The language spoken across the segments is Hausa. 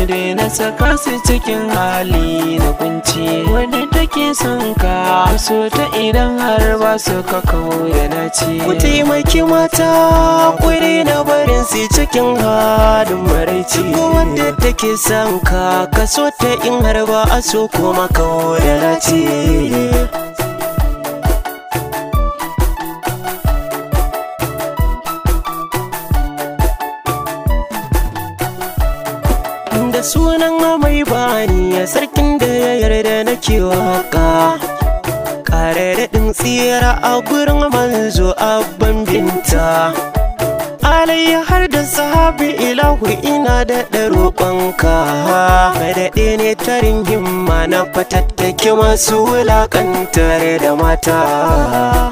Kude na saka su cikin hali na kunci Wanda take son ka su ta idan har ba su ka kauya na ce Ku taimaki mata kudi na barin su cikin halin maraici Wanda take son ka ka ta in har ba a so kuma kauya na ce sunan mai bani ya sarkin da ya yarda na waƙa. haka da tsira a gurin manzo abban binta alayya har da sahabi ilahu ina da roƙonka madaɗe ne tarin himma na fatattaki masu wulaƙantar da mata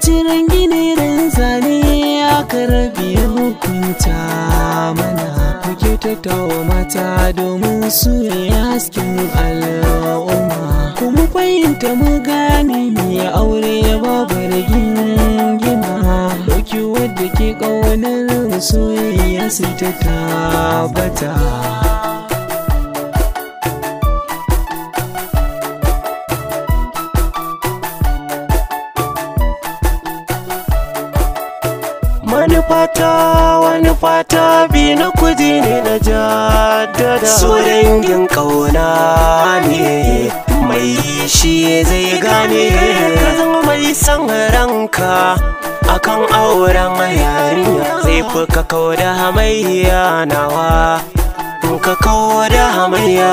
Ciren ginirin zane aka rabi hukunta mana Kuke tattawa mata domin su ne hasken al'umma kuma fahimta mu gane mai aure babu gina Doki wadda ke ƙaunar soyayya sai ta tabbata fata wani fata bi na kudi ne na jaddada so dangin kauna ne mai shi zai gane ka zama mai san ranka akan auren yarinya zai fi ka kauda hamayya nawa ka kauda hamayya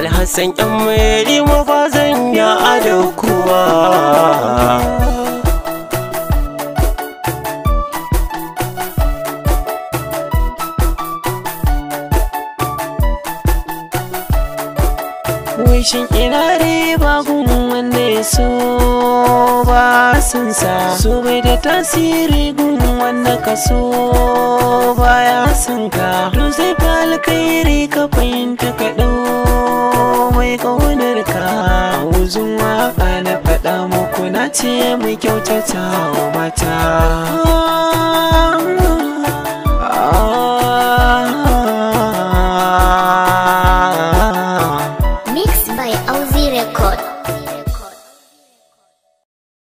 alhassan yan mai kowa wishin ina riba gun wanne so ba sun sa su bai da tasiri gun wanne ka so ya sun ka don sai ka alkhairi ka fahimta a wuzun waka na faɗa muku na ce mu kyautata wa mata